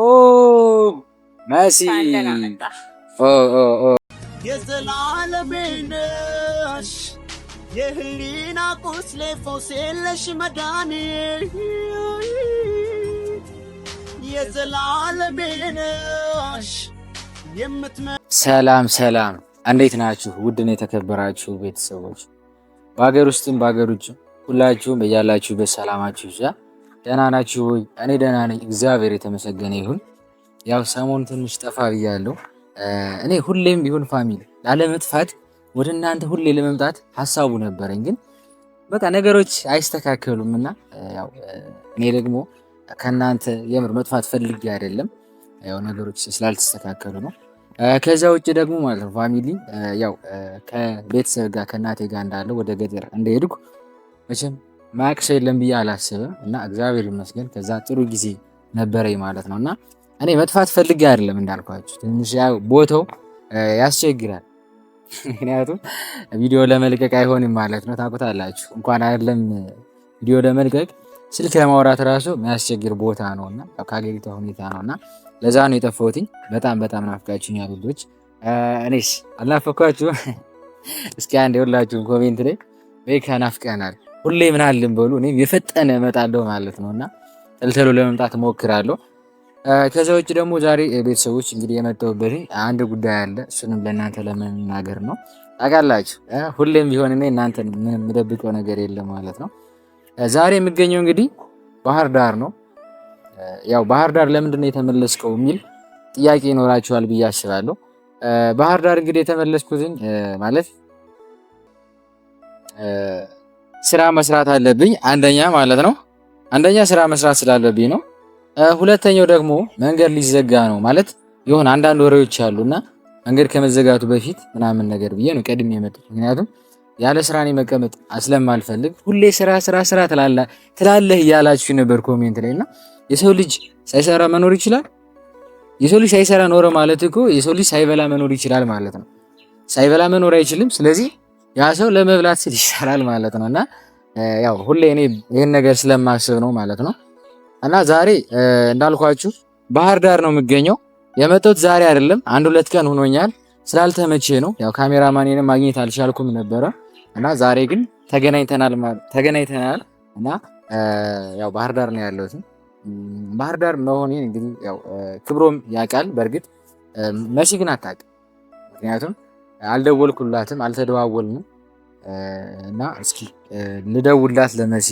ኦ መሲ የዘላለሜ የህሊና ቁስሌ ፈውሴ የለሽ መዳኔ የዘላለሜ ነሽ። ሰላም ሰላም፣ እንዴት ናችሁ? ውድን የተከበራችሁ ቤተሰቦች በሀገር ውስጥም በሀገር ውጭ ሁላችሁም በያላችሁበት ሰላማችሁ ይዛ ደህና ናችሁ ወይ? እኔ ደህና ነኝ፣ እግዚአብሔር የተመሰገነ ይሁን። ያው ሰሞን ትንሽ ጠፋ ብያለሁ። እኔ ሁሌም ቢሆን ፋሚሊ ላለመጥፋት ወደ እናንተ ሁሌ ለመምጣት ሀሳቡ ነበረኝ፣ ግን በቃ ነገሮች አይስተካከሉም እና ያው እኔ ደግሞ ከእናንተ የምር መጥፋት ፈልጌ አይደለም፣ ያው ነገሮች ስላልተስተካከሉ ነው። ከዛ ውጭ ደግሞ ማለት ነው ፋሚሊ ያው ከቤተሰብ ጋር ከእናቴ ጋር እንዳለው ወደ ገጠር እንደሄድኩ መቼም ማያቅ ሰው የለም ብዬ አላስብም እና እግዚአብሔር ይመስገን ከዛ ጥሩ ጊዜ ነበረኝ ማለት ነው። እና እኔ መጥፋት ፈልጌ አይደለም እንዳልኳችሁ፣ ትንሽ ቦታው ያስቸግራል። ምክንያቱም ቪዲዮ ለመልቀቅ አይሆንም ማለት ነው። ታውቁታላችሁ። እንኳን አይደለም ቪዲዮ ለመልቀቅ ስልክ ለማውራት ራሱ የሚያስቸግር ቦታ ነው እና ከሀገሪቷ ሁኔታ ነው እና ለዛ ነው የጠፋሁትኝ። በጣም በጣም ናፍቃችሁኛል ልጆች። እኔስ አልናፈኳችሁ? እስኪ አንድ የሁላችሁም ኮሜንት ላይ ወይ ከናፍቀናል ሁሌ ምን በሉ እኔም የፈጠነ እመጣለሁ ማለት ነው እና ተልተሎ ለመምጣት ሞክራለሁ። ከዛ ውጭ ደግሞ ዛሬ ቤተሰቦች እንግዲህ የመጣሁበት አንድ ጉዳይ አለ። እሱንም ለእናንተ ለመናገር ነው። ታውቃላችሁ ሁሌም ቢሆን እኔ እናንተ ምንም የምደብቀው ነገር የለም ማለት ነው። ዛሬ የሚገኘው እንግዲህ ባህር ዳር ነው። ያው ባህር ዳር ለምንድን ነው የተመለስከው የሚል ጥያቄ ይኖራችኋል ብዬ አስባለሁ። ባህር ዳር እንግዲህ የተመለስኩትን ማለት ስራ መስራት አለብኝ። አንደኛ ማለት ነው አንደኛ ስራ መስራት ስላለብኝ ነው። ሁለተኛው ደግሞ መንገድ ሊዘጋ ነው ማለት የሆነ አንዳንድ ወሬዎች አሉና መንገድ ከመዘጋቱ በፊት ምናምን ነገር ብዬ ነው ቀድሜ የመጡት። ምክንያቱም ያለ ስራ እኔ መቀመጥ ስለማልፈልግ ሁሌ ስራ ስራ ስራ ትላለህ እያላችሁ ነበር ኮሜንት ላይ እና የሰው ልጅ ሳይሰራ መኖር ይችላል። የሰው ልጅ ሳይሰራ ኖረ ማለት እኮ የሰው ልጅ ሳይበላ መኖር ይችላል ማለት ነው። ሳይበላ መኖር አይችልም። ስለዚህ ያ ሰው ለመብላት ስል ይሰራል ማለት ነው። እና ያው ሁሌ እኔ ይህን ነገር ስለማስብ ነው ማለት ነው። እና ዛሬ እንዳልኳችሁ ባህር ዳር ነው የምገኘው። የመጣሁት ዛሬ አይደለም፣ አንድ ሁለት ቀን ሆኖኛል። ስላልተመቼ ነው ያው ካሜራማኔን ማግኘት አልቻልኩም ነበረ። እና ዛሬ ግን ተገናኝተናል ተገናኝተናል። እና ያው ባህር ዳር ነው ያለሁት። ባህር ዳር መሆኔን እንግዲህ ያው ክብሮም ያውቃል። በእርግጥ መሲ ግን አታውቅም፣ ምክንያቱም አልደወልኩላትም፣ አልተደዋወልንም እና እስኪ ልደውላት ለመሲ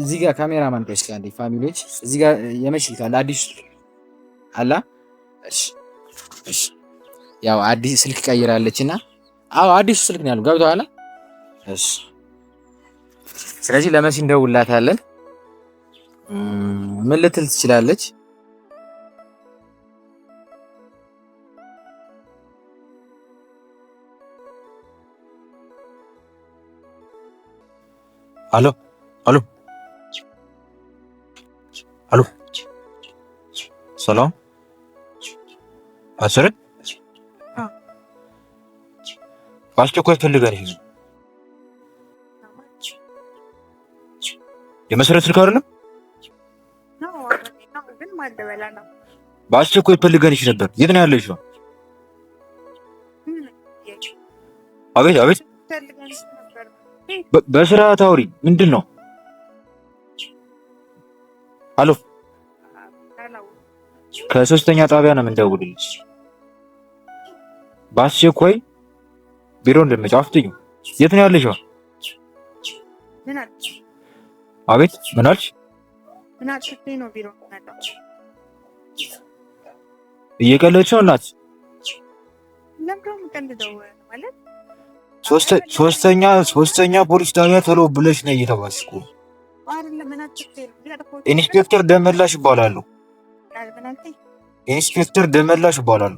እዚህ ጋር ካሜራማን ማን ቆይ፣ እስኪ አንዴ ፋሚሊዎች፣ እዚህ ጋር የመች ስልክ አለ? አዲስ አላ። ያው አዲስ ስልክ ቀይራለች እና አዎ፣ አዲሱ ስልክ ነው ያሉ ገብተዋል። እሺ፣ ስለዚህ ለመሲ እንደውላታለን። ምን ልትል ትችላለች? alo alo alo ሰላም አስርን በአስቸኳይ ፈልገን ይዙ የመሰረት ስልክ አይደለም። በአስቸኳይ ፈልገንሽ ነበር። የት ነው ያለሽ? አቤት አቤት በስርዓት አውሪ። ምንድን ነው አሎ? ከሶስተኛ ጣቢያ ነው የምንደውልልሽ። በአስቸኳይ ቢሮ እንደምጫ አፍጥኙ። የት ነው ያለሽው? አቤት ምን አልሽ? እየቀለድሽ ነው እናት ሶስተኛ ሶስተኛ ፖሊስ ጣቢያ ቶሎ ብለሽ ነው እየተባስኩ። ኢንስፔክተር ደመላሽ ይባላሉ። ኢንስፔክተር ደመላሽ ይባላሉ።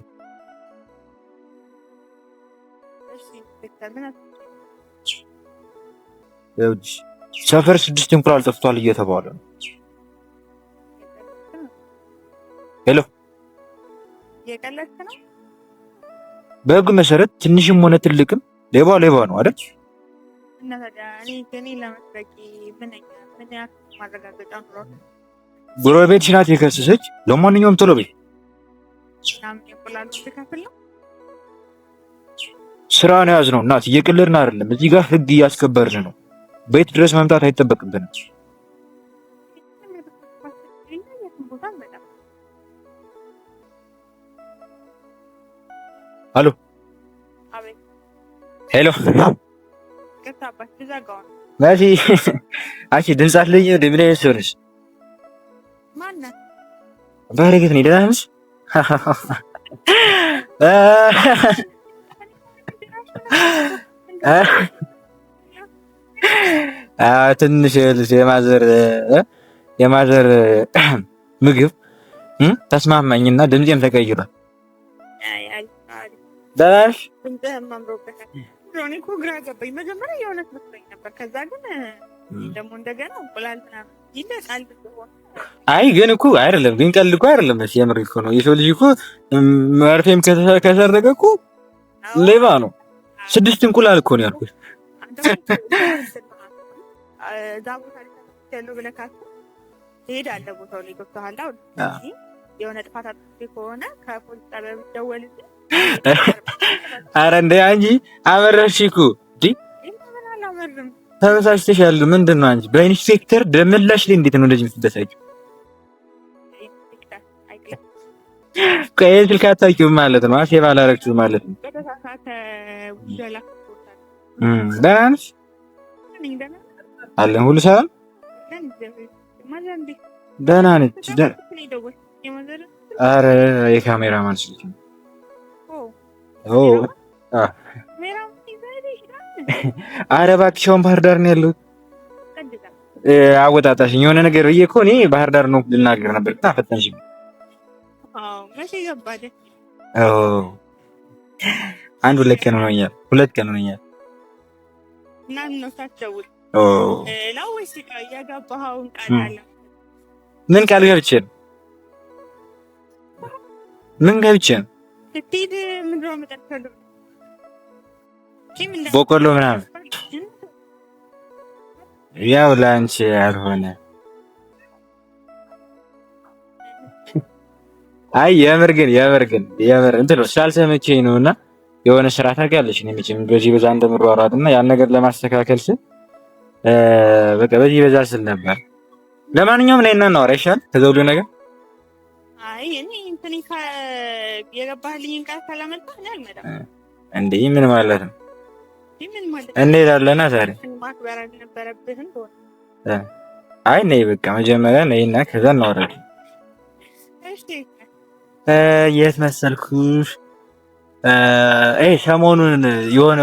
ሰፈር ስድስት እንቁላል ጠፍቷል እየተባለ ነው። ሄሎ በህግ መሰረት ትንሽም ሆነ ትልቅም ሌባ ሌባ ነው አይደል? ጎረቤትሽ ናት የከሰሰች። ለማንኛውም ቶሎ በይ። ስራ ነው ያዝ ነው እናት፣ እየቀለድን አይደለም። እዚህ ጋር ህግ እያስከበርን ነው። ቤት ድረስ መምጣት አይጠበቅብንም። አሎ ሄሎ አንቺ ድምፅ አትለኝ። ምን አይነት ሰው ነሽ? በረከት ነኝ። ደህና ነሽ? ትንሽ የማዘር የማዘር ምግብ ተስማማኝና ድምፄም ተቀይሯል። ደህና ነሽ? ነው። እኔ እኮ ግራ ገባኝ። መጀመሪያ የእውነት መስሎኝ ነበር። ከዛ ግን ደግሞ እንደገና እንቁላል ምናምን አይ ግን እኮ አይደለም ግን ቀልድ እኮ አይደለም። እሺ የምር እኮ ነው። የሰው ልጅ እኮ መርፌም ከሰረቀ እኮ ሌባ ነው። ስድስት እንቁላል እኮ ነው ያልኩት። የሆነ ጥፋት ከሆነ ከፖሊስ ጣቢያ ደወልልኝ አረ እንደ አንቺ አበረሽ እኮ ተበሳጭተሻል። ምንድን ነው አንቺ በኢንስፔክተር ደምላሽ ላይ እንዴት ነው እንደዚህ የምትበሳጭው? ቆይ ስልክ አታውቂውም ማለት ነው። አፌ አላረግሽውም ማለት ነው። ደህና ነሽ? አለን ሁሉ ሰላም ደህና ነች። አረ የካሜራ ማን ስልክ ነው አረ እባክሽ አሁን ባህር ዳር ነው ያለሁት። አወጣጣሽ የሆነ ነገር ብዬሽ እኮ እኔ ባህር ዳር ነው ልናገር ነበር ግን አንድ ሁለት ቀን ሆኖኛል። ሁለት ቀን ሆኖኛል። ምን ቃል ገብቼ ምን ገብቼ ነው በቆሎ ምናምን ያው ለአንቺ ያልሆነ አይ የምር ግን የምር ግን የምር እንትን ነው ስላልተመቼኝ ነው። እና የሆነ ስራ ታውቂያለሽ፣ እኔ መቼም በዚህ በዛ እንደምሯሯጥ እና ያን ነገር ለማስተካከል ስል በቃ በዚህ በዛ ስል ነበር። ለማንኛውም ላይ እና እናወራ ይሻል ከዛ ነገር አይ እኔ እኔ የገባህልኝን ቃል እኔ አልመጣም። ምን ማለት ነው? እንሄዳለና ዛሬ ማክበር አልነበረብህም። አይ ነይ በቃ መጀመሪያ ነይና ከዛ እናወራለን። የት መሰልኩሽ? ሰሞኑን የሆነ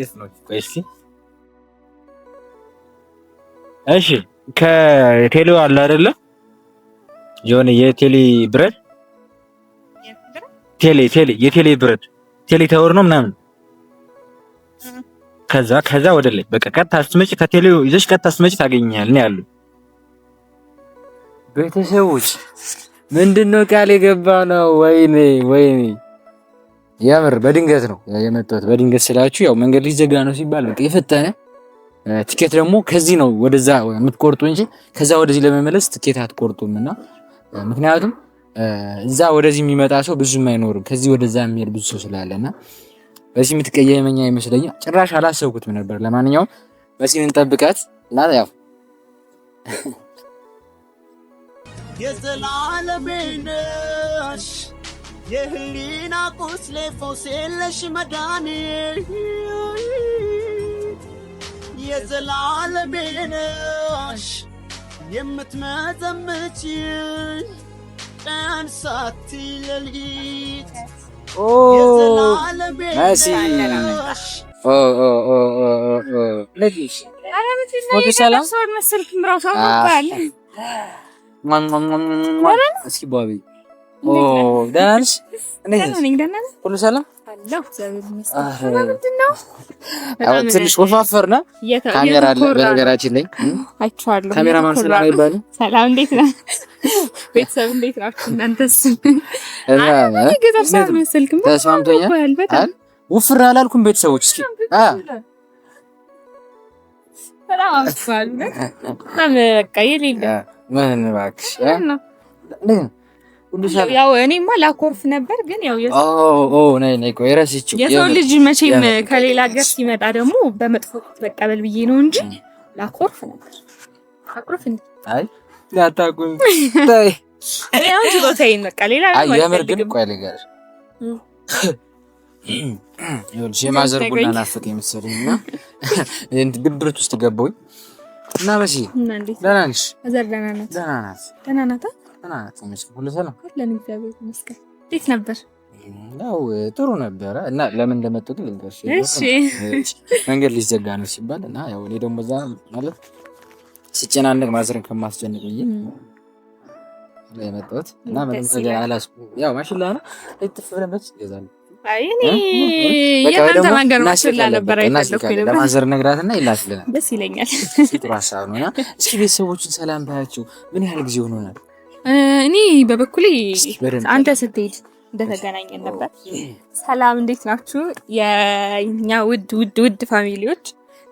የት ነው? ቆይ እስኪ እሺ ከቴሌው አለ አይደለም የሆነ የቴሌ ብረት ቴሌ ቴሌ የቴሌ ብረት ቴሌ ታወር ነው ምናምን። ከዛ ከዛ ወደ ላይ በቃ ቀጥታ ስትመጪ ከቴሌው ይዘሽ ቀጥታ ስትመጪ ታገኛል ነው ያሉ ቤተሰቦች። ምንድነው ቃል የገባ ነው። ወይኔ ወይኔ የምር በድንገት ነው የመጣሁት። በድንገት ስላችሁ ያው መንገድ ሊዘጋ ነው ሲባል በቃ የፈጠነ ትኬት ደግሞ ከዚህ ነው ወደዛ የምትቆርጡ እንጂ ከዛ ወደዚህ ለመመለስ ትኬት አትቆርጡም እና ምክንያቱም እዛ ወደዚህ የሚመጣ ሰው ብዙም አይኖርም፣ ከዚህ ወደዛ የሚሄድ ብዙ ሰው ስላለና በዚህ የምትቀየመኝ አይመስለኝም። ጭራሽ አላሰብኩትም ነበር። ለማንኛውም በዚህ እንጠብቃት እና ያው የዘላለም የህሊና ቁስሌ ፈውስ የለሽ መዳኔ የዘላለሜነሽ የምትመዘምች ቀን ሳት ለሊት ሰላም አለሁ። ምንድን ነው ትንሽ ወፋፈርና ካሜራ አለ በነገራችን ላይ አይቼዋለሁ። ካሜራማን ስለማይባል ሰላም፣ እንዴት ነህ ቤተሰብ? እንዴት ናችሁ እናንተስ? ገጠር ሰዓት መሰልክም ተስማምቶኛል። በጣም ውፍር አላልኩም ቤተሰቦች እስኪ በጣም አምሳል በጣም በቃ የሌለ ምን እባክሽ ያው እኔማ ላኮርፍ ነበር ግን ያው የሰው ልጅ መቼም ከሌላ ገር ሲመጣ ደግሞ በመጥፎ ተቀበል ብዬ ነው እንጂ ላኮርፍ ነበር። አኩርፍ እንዴ? አይ ላታቁም ታይ ያው ችሎታዬን በቃ ሌላ የምር ግን ቆይ ልንገርሽ የማዘር ቡና ናፍቅ መሰለኝ እና ድብርት ውስጥ ገባሁኝ እና መቼ ደህና ነሽ? ደህና ናት። ደህና ናት። ሁሉ ሰላም አለን፣ እግዚአብሔር ይመስገን። እንዴት ነበር? ያው ጥሩ ነበረ እና ለምን እንደመጡ ግን ልንገርሽ። መንገድ ሊዘጋ ነው ሲባል እና ያው እኔ ደግሞ እዛ ማለት ሲጨናነቅ ማዘርን ከማስጨንቅ ብዬ የመጣሁት እና ምንም ነገር አላስኩም። ያው ማሽላ ነው ብለን በስ ይገዛል ለማዘር ይላክልናል። ደስ ይለኛል። ጥሩ ሀሳብ ነው እና እስኪ ቤተሰቦችን ሰላም ባያቸው ምን ያህል ጊዜ ሆኖናል? እኔ በበኩሌ አንተ ስትሄድ እንደተገናኘን ነበር። ሰላም፣ እንዴት ናችሁ? የእኛ ውድ ውድ ውድ ፋሚሊዎች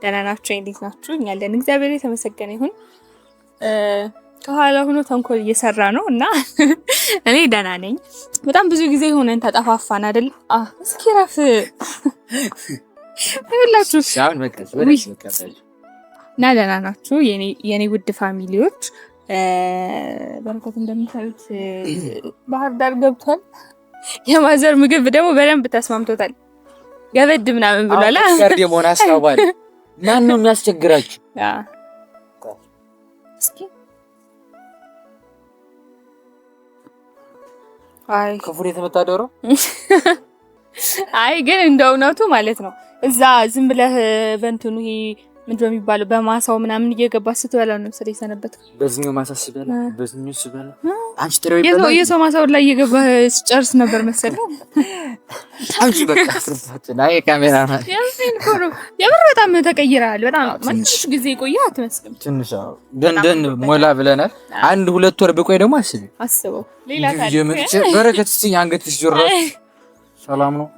ደህና ናችሁ? እንዴት ናችሁ? እኛ አለን፣ እግዚአብሔር የተመሰገነ ይሁን። ከኋላ ሆኖ ተንኮል እየሰራ ነው እና እኔ ደህና ነኝ። በጣም ብዙ ጊዜ ሆነን ተጠፋፋን አይደል? እስኪ ረፍ ይላችሁ እና ደህና ናችሁ የኔ ውድ ፋሚሊዎች በረከት እንደምታዩት ባህር ዳር ገብቷል። የማዘር ምግብ ደግሞ በደንብ ተስማምቶታል። ገበድ ምናምን ብሏል። ጋርድ የመሆን አስታውባል። ማን ነው የሚያስቸግራችሁ? ክፉን የተመታ ዶሮ። አይ ግን እንደ እውነቱ ማለት ነው እዛ ዝም ብለህ በእንትኑ ምንድ የሚባለው? በማሳው ምናምን እየገባ ስትበላ ነው ስለ የሰነበት በዚህኛው ማሳ ሲበላ በዚህኛው ሲበላ አንቺ ትሬው የሰው ማሳው ላይ እየገባ ስጨርስ ነበር መሰለኝ። አንቺ በቃ ናይ የምር በጣም ተቀይራል። በጣም ትንሽ ጊዜ ቆየ አትመስልም። ትንሽ ደንደን ሞላ ብለናል። አንድ ሁለት ወር ብቆይ ደግሞ አስቢ አስበው ሌላ ታሪክ በረከት ስ አንገትሽ ጆራ ሰላም ነው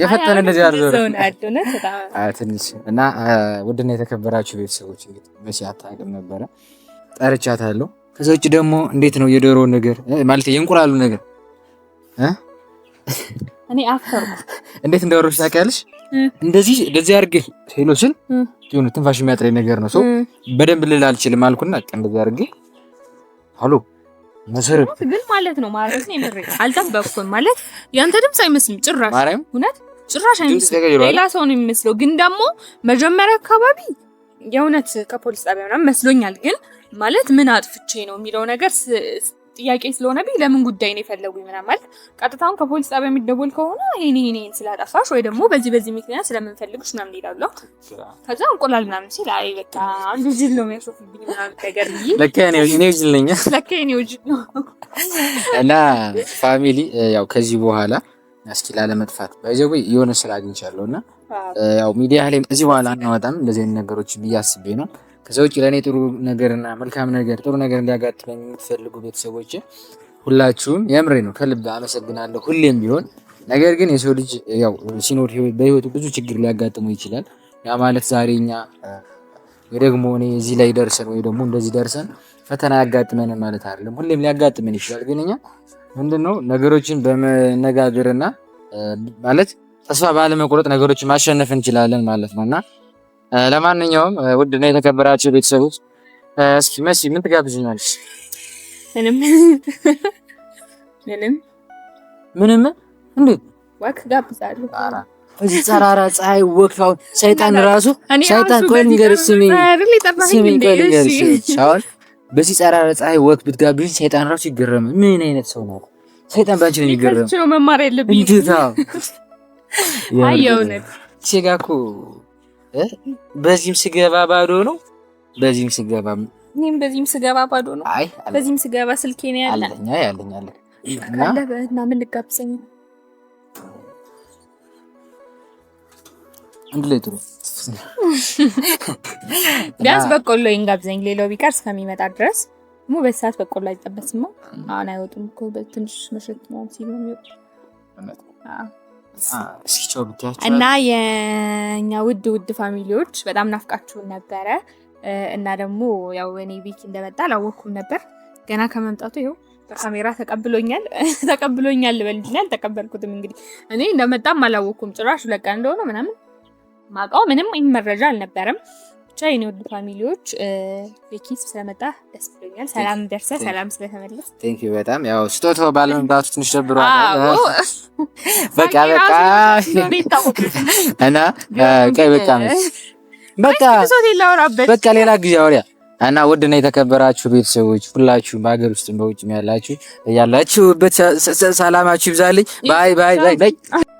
የፈጠነ እንደዚህ አድርገው ትንሽ እና ውድና የተከበራችሁ ቤተሰቦች እንግዲህ መቼ አታውቅም ነበረ ጠርቻታለሁ። ከዛ ውጭ ደግሞ እንዴት ነው የዶሮ ነገር ማለት የእንቁላሉ ነገር እኔ አፈርኩ። እንዴት እንደወረሽ ታውቂያለሽ? እንደዚህ እንደዚህ አድርጌ ሄሎ ስል ትንፋሽ የሚያጥረኝ ነገር ነው። ሰው በደንብ ልል አልችልም አልኩና እንደዚህ አድርጌ ሄሎ መሰረት ግን ማለት ነው ማለት ነው ምሬ አልጠበቅኩም። ማለት ያንተ ድምፅ አይመስልም ጭራሽ፣ እውነት ጭራሽ አይመስልም። ሌላ ሰው ነው የሚመስለው። ግን ደግሞ መጀመሪያ አካባቢ የእውነት ከፖሊስ ጣቢያ ምናምን መስሎኛል። ግን ማለት ምን አጥፍቼ ነው የሚለው ነገር ጥያቄ ስለሆነ ብ ለምን ጉዳይ ነው የፈለጉ ምናምን ማለት ቀጥታውን ከፖሊስ ጣቢያ የሚደወል ከሆነ ይሄን ይሄን ስላጠፋሽ ወይ ደግሞ በዚህ በዚህ ምክንያት ስለምንፈልግሽ ምናምን ይላሉ። ከዛ እንቁላል ምናምን ሲል አይ በቃ አንዱ ጅል ነው የሚያሾፍብኝ ምናምን ነገር ለካ እኔ ጅል ነኝ ለካ እኔ ጅል ነው። እና ፋሚሊ ያው ከዚህ በኋላ እስኪ ላለመጥፋት ባይዘዌ የሆነ ስራ አግኝቻለሁ እና ያው ሚዲያ ላይ እዚህ በኋላ አናወጣም እንደዚህ አይነት ነገሮች ብዬ አስቤ ነው ከዛ ውጭ ለእኔ ጥሩ ነገርና መልካም ነገር ጥሩ ነገር እንዲያጋጥመኝ የምትፈልጉ ቤተሰቦች ሁላችሁም የምሬ ነው ከልብ አመሰግናለሁ። ሁሌም ቢሆን ነገር ግን የሰው ልጅ ያው ሲኖር በህይወቱ ብዙ ችግር ሊያጋጥሙ ይችላል። ያ ማለት ዛሬ እኛ ወይ ደግሞ እኔ እዚህ ላይ ደርሰን ወይ ደግሞ እንደዚህ ደርሰን ፈተና ያጋጥመን ማለት አይደለም። ሁሌም ሊያጋጥመን ይችላል። ግን እኛ ምንድነው ነገሮችን በመነጋገርና ማለት ተስፋ ባለመቁረጥ ነገሮችን ማሸነፍ እንችላለን ማለት ነው እና ለማንኛውም ውድ ነው የተከበራችሁ ቤተሰቦች እስኪ መሲ ምን ትጋብዥኛለሽ? ምንም ምንም ምንም እንዴት ወክ ጋብዛለሁ። እዚህ ተራራ ፀሐይ ወክፋው ሰይጣን ራሱ ሰይጣን ኮይ ንገር ስሚ ስሚ ኮይን ንገር አሁን በዚህ ተራራ ፀሐይ ወክ ብትጋብዥ ሰይጣን ራሱ ይገረም። ምን አይነት ሰው ነው ሰይጣን? ባንቺ ነው ይገረም ነው መማር ያለብኝ እንዴታ አየውነት ቼጋኩ በዚህም ስገባ ባዶ ነው። በዚህም ስገባ እኔም በዚህም ስገባ ባዶ ነው። አይ በዚህም ስገባ ስልኬ ነው ያለ አለኛ ያለኛ አለ እና ምን ልጋብዘኝ? አንድ ላይ ጥሩ ቢያንስ በቆሎ ይንጋብዘኝ። ሌላው ቢቀር እስከሚመጣ ድረስ ሙ በሰዓት በቆሎ አይጠበስማ። አሁን አይወጡም እኮ በትንሽ መሸት ሲሉ እና የእኛ ውድ ውድ ፋሚሊዎች በጣም ናፍቃችሁን ነበረ እና ደግሞ ያው እኔ ቤኪ እንደመጣ አላወቅኩም ነበር። ገና ከመምጣቱ ይኸው በካሜራ ተቀብሎኛል ተቀብሎኛል ልበልና አልተቀበልኩትም። እንግዲህ እኔ እንደመጣም አላወቅኩም ጭራሽ ለቃ እንደሆነ ምናምን ማውቀው ምንም መረጃ አልነበረም። ብቻ የኔ ወድ ፋሚሊዎች ቤኪስ ስለመጣ ደስ ብሎኛል። ሰላም ደርሰ ሰላም ስለተመለስ ቴንክዩ በጣም ያው ስጦታው ባለመምጣቱ ትንሽ ደብሯል። በቃ በቃ እና ቀይ በቃ በቃ ሌላ ጊዜ አውሪያ እና ውድ ውድና የተከበራችሁ ቤተሰቦች ሁላችሁ በሀገር ውስጥም በውጭም ያላችሁ ያላችሁበት ሰላማችሁ ይብዛልኝ። ባይ ባይ ባይ።